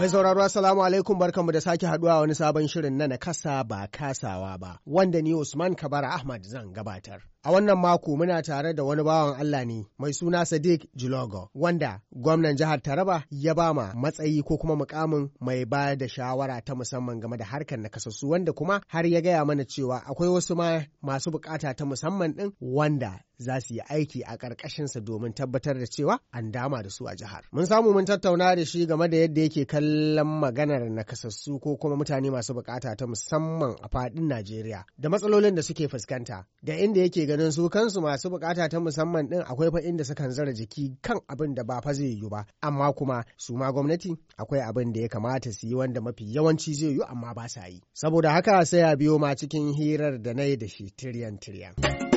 Mai sauraro Assalamu alaikum barkanmu da sake haduwa wani sabon shirin na nakasa ba kasawa ba wanda ni Usman Kabara Ahmad zan gabatar. A wannan mako muna tare da wani bawan Allah ne mai suna Sadiq Jilogo wanda gwamnan jihar Taraba ya bama matsayi ko kuma mukamin mai ba da shawara ta musamman game da harkar nakasassu wanda kuma har ya gaya mana cewa akwai wasu ma masu bukata ta musamman din wanda za su yi aiki a ƙarƙashinsa domin tabbatar da cewa an dama da su a jihar. Mun samu mun tattauna da shi game da yadda yake kallon maganar nakasassu ko kuma mutane masu bukata ta musamman a faɗin Najeriya da matsalolin da suke fuskanta da inda yake ganin su kansu masu bukata ta musamman ɗin akwai fa inda sukan zara jiki kan abin da ba fa zai yiwu ba amma kuma su ma gwamnati akwai abin da ya kamata su yi wanda mafi yawanci zai yiwu amma ba sa yi. Saboda haka sai a biyo ma cikin hirar da na yi da shi tiriyan tiriyan.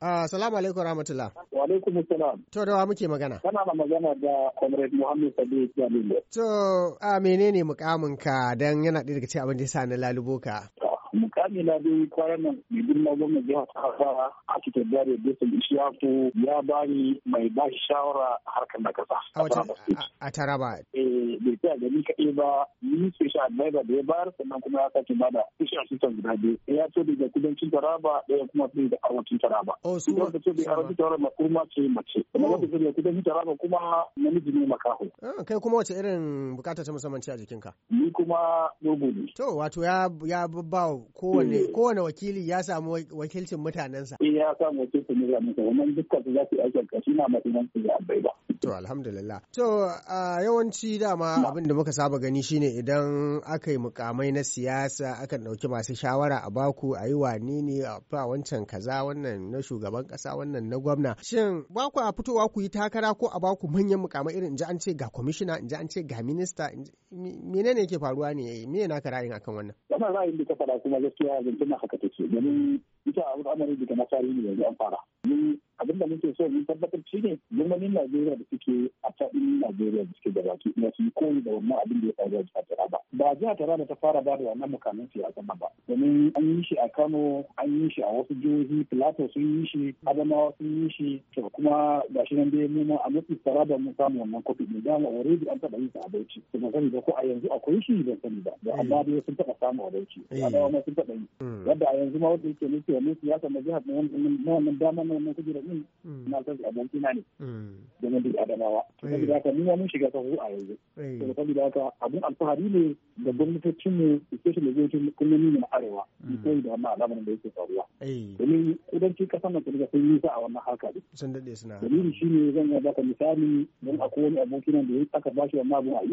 Assalamu ah, alaikum rahmatullah. Wa alaikum salam. To da wa muke magana? Kana da magana da Comrade Muhammad Sadiq Jamilu. To a ah, menene mukamin ka dan yana daga cikin abin da yasa na lalubo ka? mukami na dai kwanan nan mai girma gwamnan jihar kasa a cikin dare Dusan Ishaku ya bani mai shi shawara harkar na kasa. A Taraba. Eh bai tsaya da ni kaɗai ba ni shi advisor da ya bayar sannan kuma ya sake ba da a cikin guda biyu. Eh, ya ce daga kudancin Taraba ɗaya kuma sai da arewacin Taraba. Oh su ba. ce da arewacin Taraba makurma ce mace. Oh. Kuma wata ce da kudancin Taraba kuma namiji ne makaho. Ah, kai kuma wace irin bukata ta musamman ce a jikinka? Ni kuma dogo ne. To wato ya ba Hmm. kowane wakili ya samu wakilcin mutanensa. Eh ya samu wakilcin mutanensa wannan dukkan su za su yi aikin kashi na matsayin su ya bai ba. To alhamdulillah. To a yawanci dama abin da muka saba gani shine idan aka yi mukamai na siyasa akan ɗauki masu shawara a baku a yi wani ne a fa wancan kaza wannan na shugaban ƙasa wannan na gwamna. Shin ba ku a fitowa ku yi takara ko a baku manyan mukamai irin ji an ce ga kwamishina in ji an ce ga minista menene yake faruwa ne me na ka ra'ayin akan wannan? Wannan ra'ayin da ka faɗa kuma gaskiya zancen haka take domin ita al'amarin da na tarihi yanzu an fara. mun abin da muke so mun tabbatar shi ne gwamnonin Najeriya da suke a faɗin Najeriya da suke gabaki na su koyi da wannan abin da ya faru a Taraba. Ba jiha Taraba ta fara ba da wannan mukamin siyasa ba. Domin an yi shi a Kano, an yi shi a wasu jihohi, filato sun yi shi, Adamawa sun yi shi, to kuma ga shi nan dai mu ma a mafi Taraba mun samu wannan kofi ne dama already an taɓa yi sa a Bauchi. su ban sani ba ko a yanzu akwai shi ban sani ba. Da amma dai sun taɓa samu a Bauchi. Eh. Adawa ma sun taɓa yi. Hmm. Yadda a yanzu ma wanda yake nufi wannan siyasa na jihar na wannan daman samu wannan kujerar din mm. na san shi aboki na ne mm. da mun adamawa eh. saboda haka mu mun shiga sahu a yanzu eh. saboda haka abun alfahari ne ga gwamnatocin mu especially gwamnatin kullumi na arewa mu mm. koyi da wannan al'amarin da yake faruwa eh. domin kudanci kasar nan kuma sun yi sa a wannan harka ne sun dade suna dalili shine zan ga baka misali don akwai wani aboki nan da aka bashi wannan abun a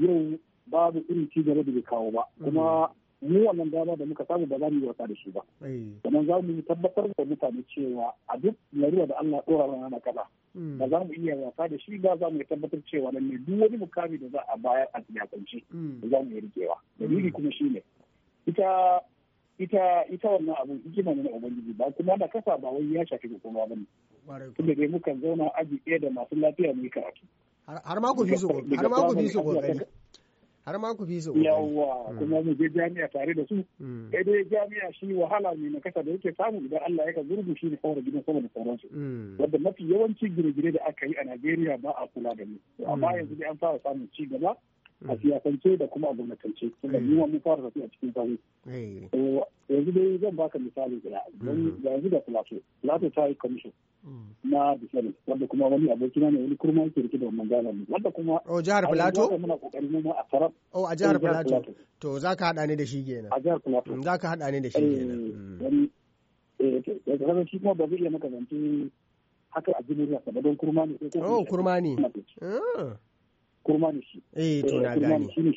yau babu irin ci gaba da bai kawo ba kuma mu wannan dama da muka samu ba za mu yi wasa da shi ba eh. sannan za mu tabbatar da mutane cewa a duk yariwa da Allah ɗora mana na kaza hmm. ba za mu iya wasa da shi ba za mu tabbatar cewa nan ne duk wani mukami da za a bayar a siyasance da hmm. za mu yi rikewa hmm. dalili kuma shi ne ita ita ita wannan abu hikima ne na ubangiji ba kuma na kasa ba wai ya shafi kuma ba ne tunda dai mukan zauna aji ɗaya da masu lafiya mu yi karatu har ma ku bi su har ma ku fi su yawwa mm. kuma mu je jami'a tare da su mm. sai dai jami'a shi wahala ne na kasa da yake samu idan Allah ya ka gurgu shi da kawar gidan sama da sauransu mm. wanda mafi yawanci gine-gine da aka yi a Najeriya ba a kula da mu amma yanzu dai an fara samun ci gaba a mm. siyasance da kuma a gwamnatance kuma mm. mu mun fara tafiya cikin sahu eh. yanzu dai zan baka misali guda mm. yanzu da filato filato ta yi commission na defense wanda kuma wani abokina ne wani kurma yake rike da wannan galan wanda kuma o oh, jihar filato muna kokari mu ma a tarab o oh, a jihar filato eh, to zaka hada ne da shi kenan a jihar filato zaka hada ne da shi kenan eh eh kuma ba zai iya maka zance haka a jimuriya ba don kurma ne ko oh, kurma ne kurma ne shi eh to na eh, gane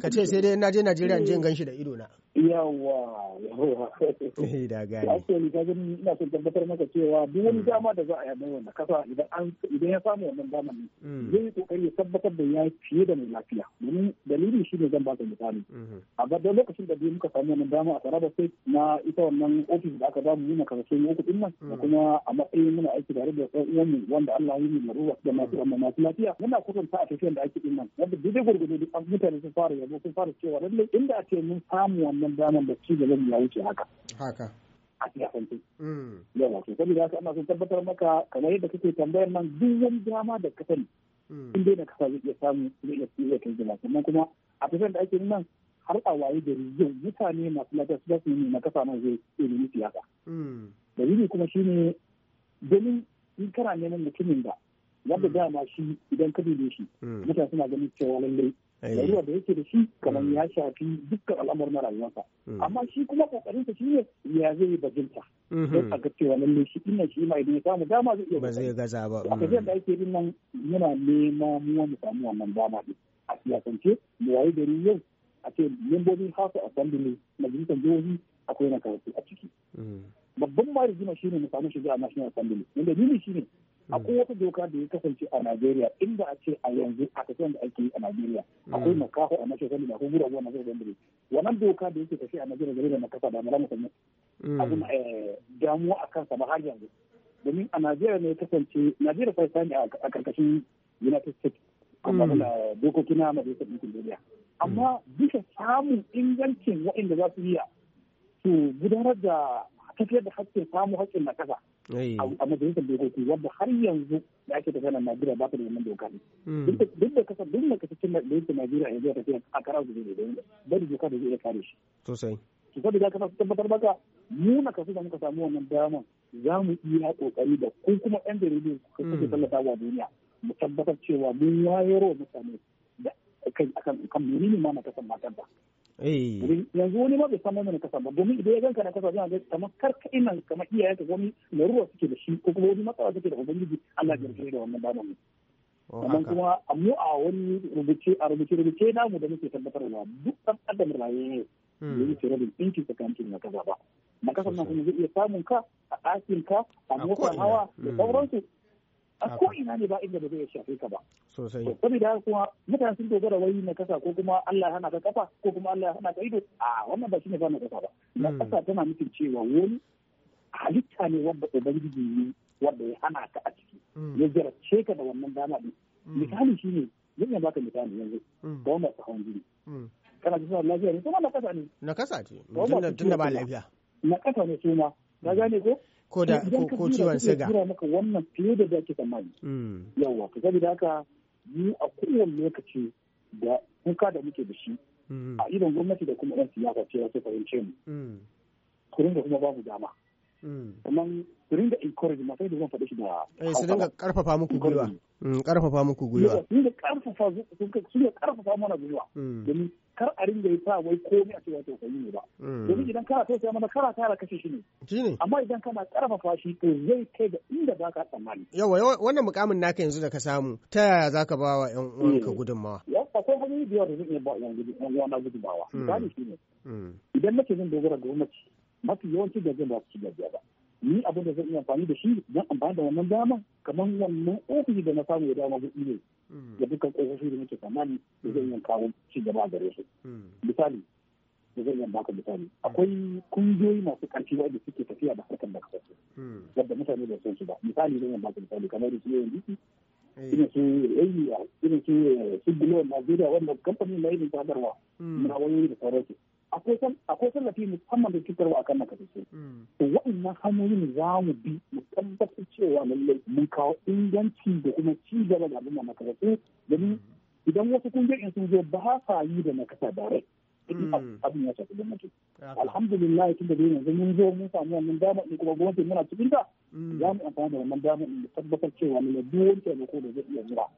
ka sai dai na je Najeriya in je in shi da ido na yawa yawa eh da gani. ake ni ga gani ina son tabbatar maka cewa duk wani mm. dama da za a yi wannan kasa idan an idan ya samu wannan dama ne mm. zai yi kokari ya tabbatar da ya fiye da mai lafiya domin dalilin shi ne zan ka misali mm-hmm. a gaban lokacin da biyu muka samu wannan dama a Taraba sai na ita wannan ofis da aka damu muna karatu mu uku din nan da mm. kuma a matsayin muna aiki tare da ɗan uwanmu wanda Allah ya yi mu da masu lafiya muna kusanta a tafiyar da ake din nan wanda duk da gurgudu duk an mutane sun fara yabo sun fara cewa lalle inda ake mun samu wannan damar da ci gaba ya wuce haka haka a siyasance mm. yawa to saboda haka ana son tabbatar maka kamar yadda kake tambayar nan duk wani dama da ka sani mm. in dai na kasa zai iya samu zai iya iya kai gaba sannan kuma a tafiyar da ake nan har a waye gari yau mutane masu lafiya su su na kasa nan zai ilimi siyasa mm. dalili kuma shine ganin in kana neman mutumin da yadda hmm. dama shi idan ka dube shi hmm. mutane suna ganin cewa lallai eh. rayuwa da yake da shi kamar hmm. ya shafi dukkan al'amuran rayuwarsa amma shi kuma kokarin shi ne ya zai bajinta don a ga cewa lallai shi ina shi ma idan ya samu dama zai iya ba zai gaza ba a kajiyar da ake nan yana nema mu mu samu wannan dama din a siyasance mu wayi gari yau a ce membobin hasa assembly majalisar jihohi akwai na karatu a ciki babban ma rigima shine mu samu shiga a national assembly wanda dalili shi ne akwai wata doka da ya kasance a Najeriya inda a ce a yanzu a kasance da ake yi a Najeriya hmm. akwai makaho a nashi sani da akwai gura gura na zai dandare wannan doka da yake tafiya a Najeriya gare da makasa da mara musamman abin eh, damuwa a kansa ba har yanzu domin a Najeriya ne ya kasance Najeriya fa sani a karkashin United States amma da hmm. dokoki na Majalisar Ɗinkin Duniya hmm. amma bisa samun ingancin waɗanda za su iya su gudanar da fitar da haƙƙin samu haƙƙin na ƙasa eh. a majalisar dokoki wadda har yanzu da ake tafiya na Najeriya ba ta da wannan doka ne. Hmm. Duk da kasa duk da kasa cikin majalisar Najeriya yanzu ya tafiya a kara su zai da bari doka da zai kare shi. Sosai. Su saboda da kasa tabbatar baka mu na kasu da muka samu wannan daman za mu iya kokari da ko kuma yan jaridu kuke hmm. tallata wa duniya mu tabbatar cewa mun wayarwa mutane da kai akan kan menene ma na kasan matar ba. Eh. yanzu wani ma bai san mai kasa ba domin idan ya ganka na kasa zai ga kamar karka ina kamar iyaye ka wani ruwa suke da shi ko kuma wani matsala suke da ubangiji Allah ya jirgin da wannan mu. Oh, Amma kuma mu a wani rubuce a rubuce rubuce namu da muke tabbatarwa duk ɗan adam raye ne yi tsere da tsinki tsakanin na kaza ba na kasa nan kuma zai iya samun ka a ɗakin ka a motsa hawa da hmm. sauransu a ko ina ne ba inda ba zai shafe ka ba sosai saboda kuma mutane sun dogara wai na kasa ko kuma Allah yana ka kafa ko kuma Allah yana ka ido a wannan ba ne ba na kasa ba na hmm. kasa tana nufin cewa wani halitta ne wanda ubangiji ne wanda ya hana ka a ciki hmm. ya jarabce ka da wannan dama din hmm. misali shine zan iya baka misali yanzu ba wanda ka hawan jini kana jin lafiya ne kuma na kasa ne na kasa ce tunda ba lafiya na kasa ne suma ka gane ko ko da eh, ko ciwon siga ya maka wannan fiye da da ke tsammani hmm. yawa ka saboda haka mu a kowane lokaci da kuka da muke da shi hmm. a idan gwamnati da kuma yan siyasa ce ya fahimce mu hmm. ku da kuma babu dama sannan mm. su ringa encourage ma sai da zan faɗi shi da eh su ringa karfafa mm, muku gwiwa karfafa muku gwiwa su ringa karfafa su ringa karfafa mana gwiwa mm. domin kar a ringa yi sa wai komai a cewa tausayi ne ba domin idan kana tausaya mana kara kara kashe shi ne amma idan kana karfafa shi to zai kai da inda ba ka tsammani yawa wannan mukamin naka yanzu da ka samu ta yaya za ka ba wa yan uwanka gudunmawa akwai hanyoyi da yawa da zan iya ba yan uwana gudunmawa misali shi ne idan nake zan dogara gwamnati mafi yawanci da zai ba su gajiya ba ni abin da zan iya amfani da shi zan amfani da wannan dama kamar wannan ofishi da na samu ya dama kuɗi ne hmm. da dukkan ofishi da muke tsammani da zan iya kawo ci gaba gare su hmm. misali da zan iya baka misali hmm. akwai kungiyoyi masu ƙarfi wanda suke tafiya da harkar da kasashe wanda mutane ba su ba misali zan iya baka misali kamar su yanzu irin su yi e irin su eh, su Najeriya wannan kamfanin na yi ni sadarwa na yi da sauransu akwai tallafi musamman da cutarwa akan nakasashe. Hmm. To waɗannan hanyoyin za mu bi mu tabbatar cewa lallai mun kawo inganci da kuma ci gaba da na nakasashe domin hmm. idan wasu kungiyoyin sun zo ba sa yi da nakasa direct. Hmm. abin ya shafi gwamnati alhamdulillah tun da dai yanzu mun zo mun samu wannan dama in kuma gwamnati muna cikin ta za mu amfani da wannan dama in tabbatar cewa ne duk wani taimako da zai iya zuwa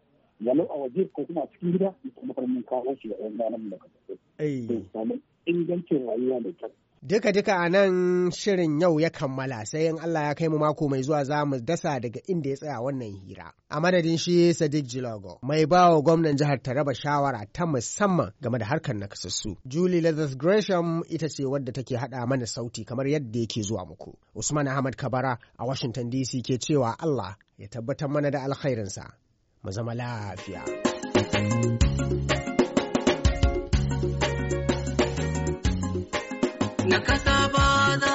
yalo a waje ko kuma a cikin gida da kuma mun kawo shi ga yan ganan mu da kasance. ingancin rayuwa da kyau. Duka-duka a nan shirin yau ya kammala sai in Allah ya kai mu mako mai zuwa za mu dasa daga inda ya tsaya wannan hira. A madadin shi Sadiq Jilogo, mai bawa gwamnan jihar Taraba shawara ta musamman game da harkar nakasassu. Julie Leathers Gresham ita ce wadda take haɗa mana sauti kamar yadda yake zuwa muku. Usman Ahmad Kabara a Washington DC ke cewa Allah ya tabbatar mana da alkhairinsa. Mu zama lafiya. na